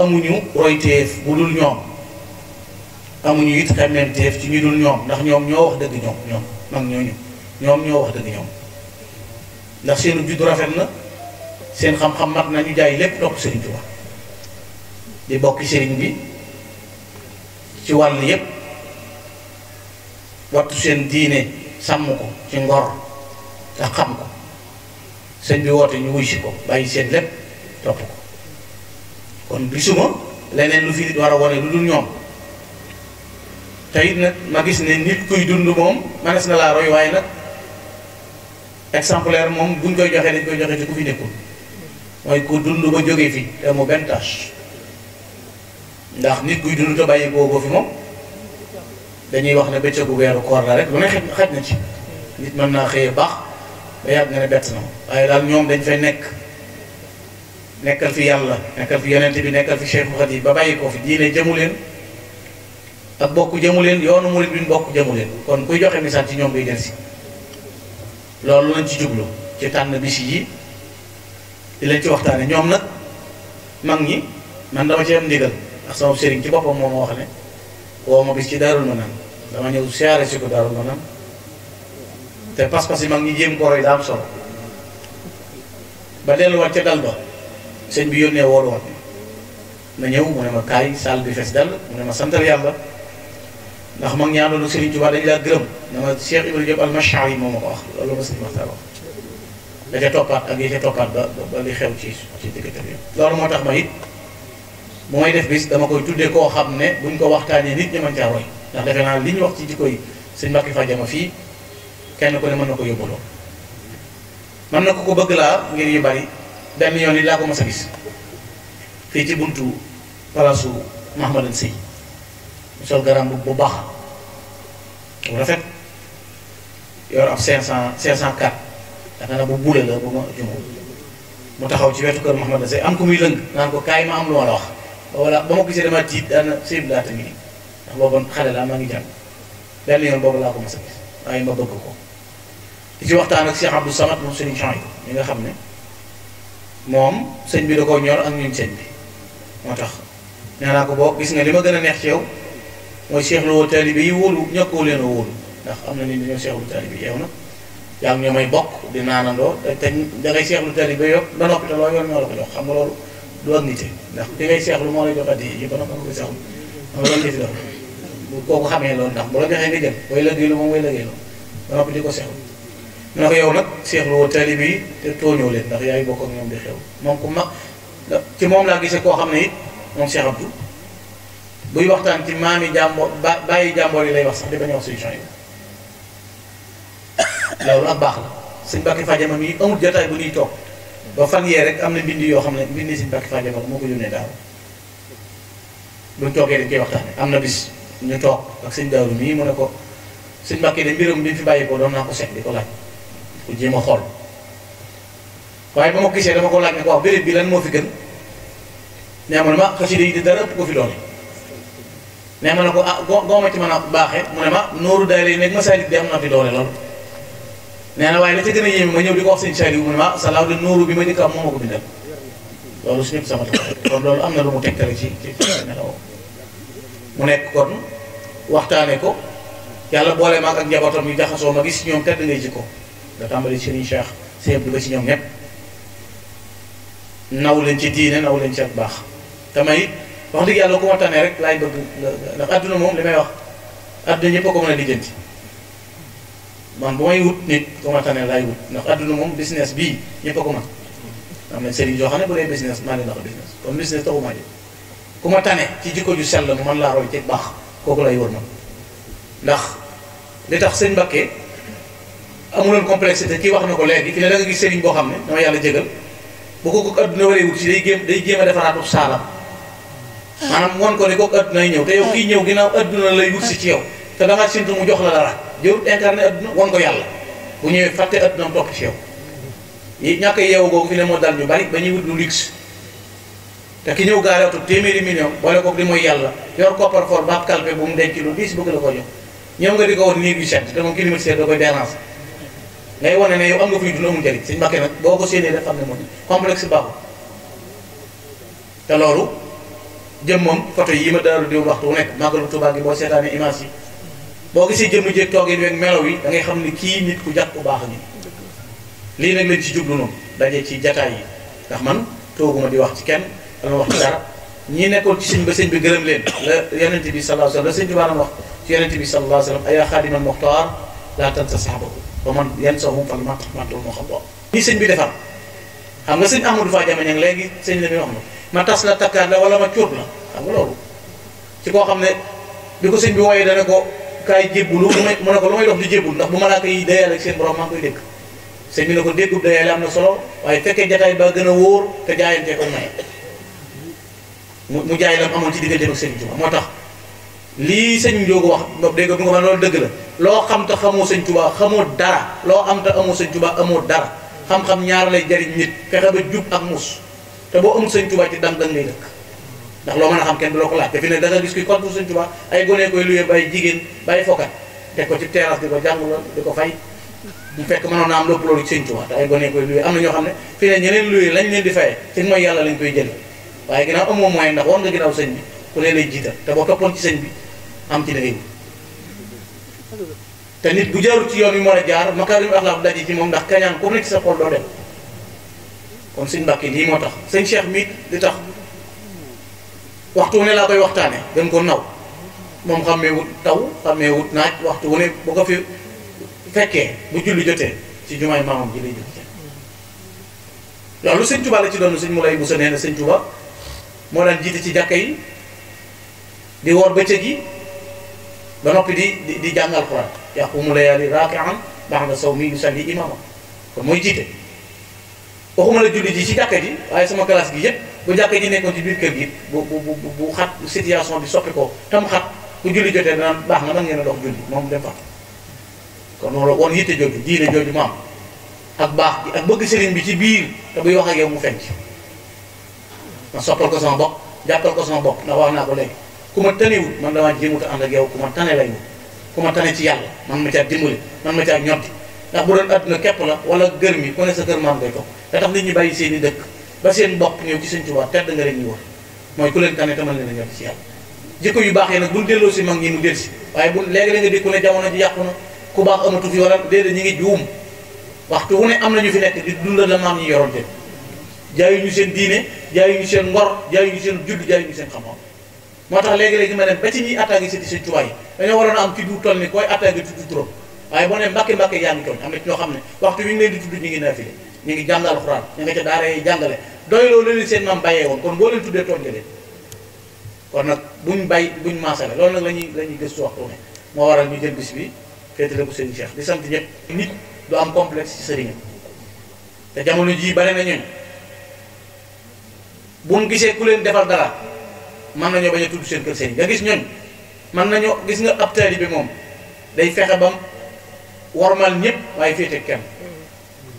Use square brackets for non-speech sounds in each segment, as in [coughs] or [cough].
amuñu royteef bu dul ñoom amuñu it xemmeemteef ci ñu dul ñoom ndax ñoom ñoo wax dëgg ñoom ñoom ñooñu ñoom ñoo wax dëgg ñoom ndax seenu juddu rafet na seen xam-xam na ñu jaay lépp topp Serigne Touba di bokki Serigne bi ci wàll yépp wattu seen diine sàmm ko ci ngor te xam ko sëñ bi woote ñu wuy si ko bàyyi seen lépp topp ko kon gisuma leneen lu fi nit war a wane lu dul ñoom te it nag ma gis ne nit kuy dund moom manes na laa roy waaye nag exemplaire moom buñ koy joxee dañ koy joxe ci ku fi nekkul mooy ku dund ba jógee fi te mu benn tâche ndax nit kuy dund te bàyyi koo fi moom dañuy wax ne bëccëgu weeru koor la rek lu ne xaj na ci nit mën naa xëyee baax ba yàgg nga ne bett na waaye daal ñoom dañ fay nekk nekkal fi yàlla nekkal fi yonent bi nekkal fi Cheikh Xadim ba bàyyi ko fi diine jëmu leen ak bokk jëmu leen yoonu murid bi bokk jëmu leen kon kuy joxe misaal ci ñoom ngay jël si loolu lañ ci jublu ci tànn bis yi di leen ci waxtaane ñoom nag mag ñi man dama ci am ndigal ndax sama sëriñ ci boppam moo ma wax ne woo ma bis ci Daarul Manaan dama ñëw siyaare si ko Daarul Manaan te pas-pas yi mag ñi jéem ko roy daa am sol ba delluwaat ca dal ba sëñ bi yónnee woolu woon na ñëw mu ne ma kaay saal bi fees dal mu ne ma santal yàlla ndax mag ñaandoon ak Serigne Touba dañu laa gërëm na ma Cheikh Ibrahima Diop al-Mashari moom ma ko wax ak ya ca xew ci ci moo tax ma it mooy def bis dama koy tuddee koo xam ne buñ ko waxtaanee nit ñu mën caa ndax defe naa li ñu wax ci jikko yi sëñ Mbàkke Fajama fii kenn ku ne mën na ko yóbbuloo mën na ko ko bëgg laa ngir yu bari benn yoon yi laa ko mos a gis fii ci buntu palaasu Mahamadan Sëy mu sol garam bu baax bu rafet yor ab 500 504 dafa na bu buule la bu ma jumoo mu taxaw ci wetu kër Mahamadan Sëy am ko muy lëng naan ko kaay ma am lu ma la wax ba walla ba ma gisee dama tiit daana sëy laa tamit ndax booba xale laa maa benn yoon boobu laa ko mos a gis waaye ma bëgg ko di ci waxtaan ak Cheikh Abdou Samad moom sëriñ Jean yi nga xam ne moom sëñ bi da koo ñor ak ñun sëñ bi moo tax nee naa ko boo gis nga li ma gën a neex ci yow mooy Cheikh woo taalibe yi wóolu ñàkkoo leen a wóolu ndax am na nit ñi ñoo Cheikh Lo yow nag yaa ñoo may bokk di naanandoo te te da ngay Cheikh yi ba noppi te loolu yoon ñoo la ko jox xam nga loolu du ak nite ndax di ngay Cheikh Lo moo lay jox addiya yi ba noppi nga ko seexlu xam nga loolu nit la bu kooku xamee loolu ndax bu la joxee nga jël way lëggee lu moom way lëggee loolu ba noppi di ko seexlu mu ne ko yow nag seexlu woo taalibe yi te tooñoo leen ndax yaay bokk moom ñoom di xew moom ku mag ci moom laa gisee koo xam ne it moom Cheikh Abdou buy waxtaan ba bàyyi jàmboor yi lay wax sax di bañ a baax la sëñ Bakki Fadiama mii amul jotaay bu ñuy toog ba fan yee am na mbind yoo xam ne mbind sëñ Bakki Fadiama moo ko yónnee daaw toogee dañ koy waxtaanee am na bis ñu toog ak sëñ Daawru mii mu ne ko sëñ Bakki de mbiram bi mu fi bàyyi ko doon naa ko seet di ko laaj. ku jéem a xool waaye ba ma gisee dama ko laaj ne ko wax béréb bi lan moo fi gën nee ma ne ma xasida yi di dara ëpp ko fi doole nee ma ne ko ah goo goo ma ci mën a baaxee mu ne ma nooru daay lay nekk masaalik bi am na fi na waaye la ca a yéeme ma ñëw di wax sëñ Saaliw mu ne ma salaaw de bi ma njëkk am moo ma ko bindal loolu suñu sama taxaw kon am na lu mu mu nekk kon waxtaane ko yàlla boole maag ak njabootam yi jaxasoo ma gis ñoom tedd ngay jikko da tàmbali Serigne Cheikh simple ba ci ñoom ñëpp naw leen ci diine naw leen ci ak baax tamay wax dëgg yàlla ku waxtaanee rek laay bëgg ndax adduna moom li may wax adduna ñëpp a ko man bu may wut nit ku waxtaanee laay ndax adduna moom business bii ñëpp am na Serigne yoo xam ne bu dee business maa leen ndax business kon business taxu maa ku ma tane ci jikko ju sell mu man laa roy ci baax kooku lay wër man ndax li tax sëñ Mbakke amuloon complexité kii wax na ko léegi fi ne da gis sëriñ boo xam ne dama yàlla jégal bu ko ko adduna waree wut si day jéem day jéem a defaraat ub saalam maanaam won ko ne ñëw te yow ñëw ginnaaw adduna lay wut si ci yow te dangaa sintu mu jox la dara jërut incarné adduna won ko yàlla bu ñëwee fàtte addunam topp ci yow yi ñàkk yeewu googu fi ne moo dal ñu bari ba ñuy wut lu luxe te ki ñëw gaaree oto téeméeri million boole di mooy yàlla yor koppar for baab kalpe bu mu denc lu diis bëgg la ko jox ñoom nga di ko woon néeg yu set te moom climatiseur da koy dérange ngay wane ne yow am nga fuy dund amul njëriñ sëñ Mbàkke nag boo ko séenee def xam ne moom complexe baaxul te loolu jëm moom photo yi ma daal di waxtu wu nekk màggalu Tuubaa gi boo seetaanee image yi boo gisee jëmm jéeg toog yi weeg melaw yi da ngay xam ne kii nit ku jàpp ku baax ni lii nag lañ ci jublu noonu daje ci jataay yi ndax man tooguma di wax ci kenn dama wax ci dara ñi nekkoon ci sëñ ba sëñ bi gërëm leen la yonent bi sallallahu alayhi wa sallam la sëñ bi baanaam wax ci yonent bi sallallahu alayhi wa sallam ayaa xaadimal muxtaar laa tansa saxaabahu ba man yenn soo moom fal maa tax man moo xam waaw. nii sëñ bi defar xam nga sëñ Amadou Fa Jama ñang léegi sëñ la mi wax na ma tas la takkaat la wala ma cuut la xam nga loolu ci koo xam ne bi ko sëñ bi wooyee dana ko kaay jébbulu mu ne ko lu may dox di jébbul ndax bu ma laa koy dayaale ak seen bi ne ko déggub dayaale am na solo waaye fekkee jataay ba gën a wóor te jaayantee ko maye mu jaay lam amoon ci diggante ak sëñ bi moo tax lii sëñ Ndiogo wax ndox dégg nga loolu dëgg la loo xam te xamoo sëñ Tuubaa xamoo dara loo xam te amoo sëñ Tuubaa amul dara xam-xam ñaar lay jariñ nit fexe ba jub ak mus te boo amul sëñ Tuubaa ci dam dang ngay dëkk a xam kenn du la ko laaj te fi ne da nga gis kuy contre sëñ Tuubaa ay gone koy luyee bay jigéen bay fokkat teg ko ci terrasse di ko jàng lool di ko fay bu fekk mënoon naa am lépp loolu ci sëñ Tuubaa te ay gone koy luyee am na ñoo xam ne fi ne ñeneen luyee lañ leen di fayee ci mooy yàlla lañ koy jëlee waaye ginnaaw amoo moyen ndax war nga ginnaaw sëñ bi ku ne lay jiital te boo toppoon ci sëñ bi am ci dangay te nit bu jaarul ci yoon wi mën a jaar makaarim axlaaq daje ci moom ndax kañaan ku nekk sa xol doo dem kon suñ mbàkki lii moo tax sëñ Cheikh mi li tax waxtu wu ne laa koy waxtaane gën ko naw moom xamee wut taw xamee wut naaj waxtu wu ne bu ko fi fekkee bu julli jotee ci jumaay maamam ji lay jotee loolu sëñ Tuba la ci doon sëñ mu lay musa nee na sëñ Tuba moo daan jiite ci jàkka yi di woor bëccëg yi ba noppi di di jàng alquran yaqumu layaali raakian ba'da sawmi yusalli imama kon mooy jiite waxuma la julli ji ci jàkka ji waaye sama classe gi yëpp bu jàkka ji nekkoon ci biir kër gi bu bu bu xat situation bi soppi ko tam xat ku julli jotee danaan baax na nag ngeen a dox julli moom dem fa kon loolu woon yitte jooju diine jooju mu ak baax ak bëgg sëriñ bi ci biir te buy wax yow mu fenc ma soppal ko sama bopp jàppal ko sama bopp wax naa ko léegi ku ma tanewut man damaa jéemut a ànd ak yow ku ma tane lay wut ku ma tane ci yàlla man ma caa dimbali man ma caa ñoddi ndax bu doon àdduna képp la wala gër mi ne sa kër maam ngay toog te tax nit ñi ba seen bopp nga leen mooy ku leen tane tamal leen a ñoddi ci yàlla jikko yu baax yi nag buñ delloo si mag ñi mu del si waaye bu léegi-léegi di ku ne jamono ji yàqu na ku baax amatu fi wala déedéet ñi ngi juum waxtu wu ne am na ñu fi nekk di dundal la maam ñi yoroon te jaayuñu seen diine jaayuñu seen ngor jaayuñu seen judd jaayuñu seen xam-xam moo tax léegi-léegi ma dem ba ci ñiy attaqué ci Sëñ Tuubaa yi dañoo waroon a am ci du toll ni koy attaqué tudd turam waaye boo ne mbàkke mbàkke yaa ngi ci ñoo xam ne waxtu wi ñu di tudd ñu ngi naafile ñu ngi jàngal xuraan ñu nga jàngale doy loolu leen seen maam bàyyee woon kon boo leen tuddee tooñ nga kon nag buñ bàyyi buñ maasale loolu nag la ñuy la ñuy gëstu waxtu ne moo waral ñu jël bis bi féetale ko seen seex di sant ñëpp nit du am complexe ci sëriñam te jamono jii bare na ñooñ gisee ku leen defar dara man nañoo bañ a tudd seen kër sëriñ nga gis ñooñ mën nañoo gis nga ab bi moom day fexe bam warmal ñëpp waaye féete kenn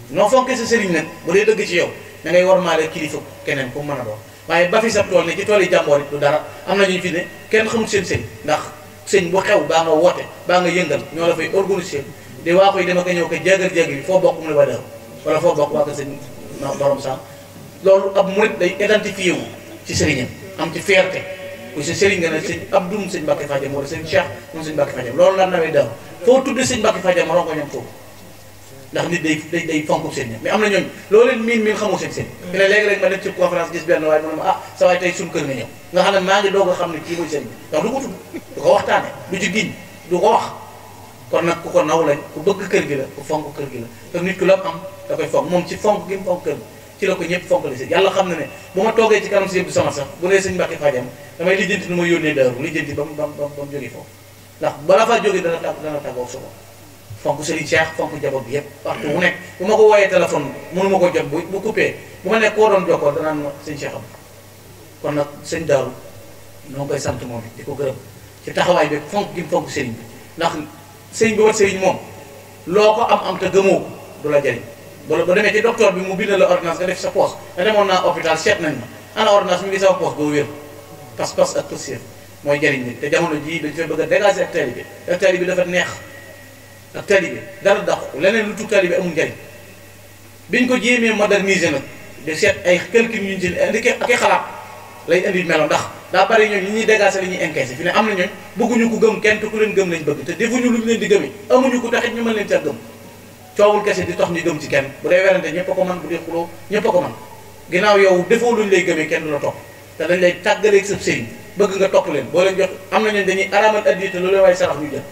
noo fonkee sa sëriñ nag bu dee dëgg ci yow da ngay warmaale kilifa keneen ku mën a doon waaye ba fi sab tool ne ci tool yi jàmboor it du dara am na ñu fi ne kenn xamul seen sëriñ ndax sëñ bu xew baa nga woote baa nga yëngal ñoo la fay organiser di waa koy dama ko ñëw ko jégar-jégar yi foo bokk mu ne ba dëw wala foo bokk waa ko sëñ loolu ab murit day identifié wu ci sëriñam am ci fierté kuy sa sëriñ nga ne sëñ Abdou mu sëñ Mbacke Fadiam wala sëñ Cheikh mu sëñ Mbacke Fadiam loolu la nawee daw foo tudd sëñ Mbacke Fadiam ronko ñoom foofu ndax nit day day day fonk seen mais am na ñooñu leen miin miin xamoo seen seen te ne léegi-léegi ma gis benn ah sa waay tey suñu kër nga ñëw nga xam ne maa ngi doog a xam ne kii mooy seen bi ndax du ko tudd du ko waxtaane du ci giñ du ko wax kon nag ku ko naw lañ ku bëgg kër gi la ku fonk kër gi la te nit ku la am da koy fonk moom ci fonk gi mu fonk kër gi ci la ko ñëpp fonkale si yàlla xam na ne bu ma toogee ci kanam si yëpp du sama sax bu dee sëñ Mbàkke Fadiam damay lijjanti nu ma yónnee daaru lijjanti ba mu ba mu ba mu jógee foofu ndax bala faa jógee dana tàgg dana tàggoo suba fonk Serigne Cheikh fonk njaboot bi yëpp waxtu mu nekk bu ma ko wooyee téléphone mënu ma ko jot bu bu coupé bu ma nekk koo doon jokkoo danaan ma sëñ Cheikh am kon nag sëñ daaru noo koy sant moom di ko gërëm ci taxawaay bi fonk gi fonk sëriñ bi ndax sëñ bi wat moom loo ko am am te du la jariñ wala ba demee ci docteur bi mu bind la ordonnance nga def sa poos te demoon naa hôpital seet nañ ma ana ordonnance mi ngi sax poos boo wér pas-pas ak tasier mooy jariñ nit te jamono jii dañ fay bëgg a dégager ak taalibe ak taalibe dafa neex ak taalibe dara dàqu leneen lu tug taalibe amul njariñ biñ ko jéemee moderniser nag de seet ay ñu jël indi ak i xalaat lay indi melo ndax daa bari ñooñ li am na ñooñ ko gëm kenn te ku leen gëm lañ bëgg te defuñu lu ñu leen di gëmee amuñu ko taxit ñu mën leen ca gëm coowul kese di tox ñu gëm si kenn bu dee werante ñëpp ko man bu dee xuloo ñëpp ko man ginnaaw yow defoo luñ lay gëmee kenn du la topp te dañ lay tàggaleeg sab sëriñ bëgg nga topp leen boo leen jox am nañu dañuy araamal addiya te lu leen waaye sarax ñu jël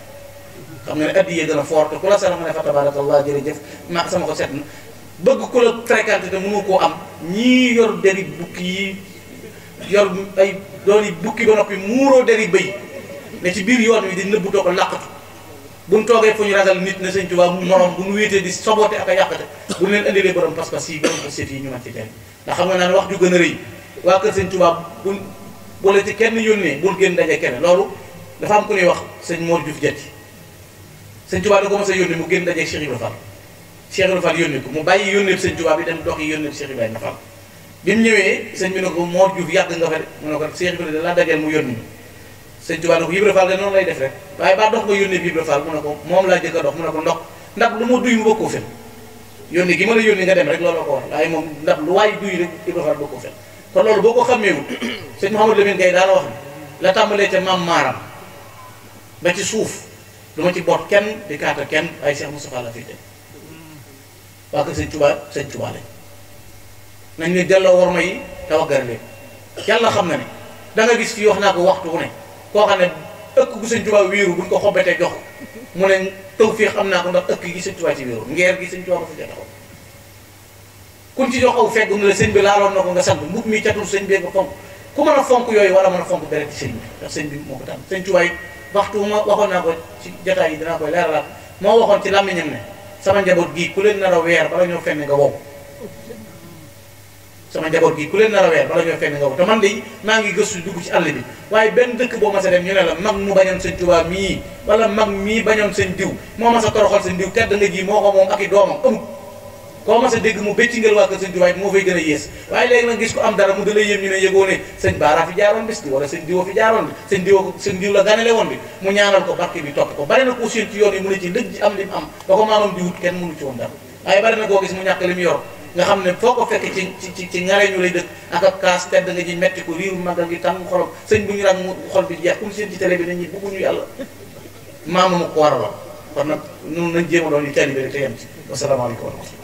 xam nga ne addiya gën a fort te ku la sarax nga ne fa tabarakallah jërëjëf ma sama ko set na bëgg ku la fréquenté te mënu koo am ñii yor deri bukki yi yor ay yi bukki ba noppi muuroo deri bëy ne ci biir yoon wi di nëbbu too ko làqatu bu ñu toogee fu ñu ragal nit na sëñ Tuubaa mu morom bu ñu wéetee di soboote ak a yàqate bu ñu leen indilee borom pas yi borom ko seet yi ñu man ci jëriñ ndax xam nga naan wax ju gën a rëy waa kër sëñ Tuubaa bu boole ci kenn yónnee bul génn daje kenn loolu dafa am ku ñuy wax sëñ Mor Diouf Diatty sëñ Tuubaa da ko mos a yónnee mu génn daje Cheikh Ibrahima Fall Cheikh Ibrahima Fall yónnee ko mu bàyyi yónnee sëñ Tuubaa bi dem dox yi yónnee Cheikh Ibrahima Fall ñëwee sëñ bi ne ko nga fa de mu ne ko Cheikh da laa dajal mu yónni sëñ Tuubaa ne ko Ibra lay def rek waaye ba dox nga yónnee bi Ibra Fall mu ko moom laa jëkk a dox mu ne ko ndox ndax lu ma duy mu bëkkoo fen yónni gi ma la yónni nga dem rek loolu la ko war waaye moom ndax lu waay duy rek Ibra Fall bëkkoo fen kon loolu boo ko xammeewul [coughs] sëñ Mouhamadou Lamine Gaye daana wax ne la tàmbalee ca maam maaram ba ci suuf lu ma ci boot kenn di kaata kenn waaye Cheikh Moustapha la fi teg waa ko sëñ Tuubaa sëñ Tuubaa delloo war ma xam na ne da nga gis wax koo xam ne ëkk gu sëñ Tuubaa wéeru buñ ko xobbatee jox mu ne tawféex xam naa ko ndax ëkk gi sëñ Tuubaa ci wéeru ngeer gi sëñ Tuubaa ko ci jox aw fegg mu ne sëñ bi laaloon na ko nga sant mbub mi catul sëñ bee ko ku mën a fonk yooyu wala mën a fonk deret ci sëñ bi ndax sëñ bi moo ko tànn sëñ Tuubaa waxtu ma waxoon naa ko ci jotaay yi dinaa koy leeralaat moo waxoon ci làmmiñam ne sama njaboot gii ku leen nar weer bala ñoo fenn nga wow sama njaboot gi ku leen nar a weer bala ñoo fenn nga ko te man de maa ngi gëstu dugg ci àll bi waaye benn dëkk boo mas a dem ñu ne la mag mu bañoon sëñ diw moo mas a toroxal sëñ diw tedd nga ji moo ko moom ak i doomam amut koo mas a dégg mu béccingal waa kër sëñ moo fay gën a yées waaye léegi nag am dara mu da lay wala sëñ diw fi jaaroon bi woon mu ñaanal ko barke bi topp ko ba ko maamam di kenn mënu ci woon dara waaye bari na koo gis mu ñàkk li mu yor nga xam ne foo ko fekk ci ci ci ngareñu lay dëkk ak ab kaas tedd nga ji metti ko riiru magal gi tàng xorom sëñ bu ñu rag mu xol bi jeex comme seen ci télé bi nañ ñi bëgguñu yàlla maama ma ko waraloon kon nag noonu nañ jéem a doon yu tali bi rek te yem ci wasalaamaaleykum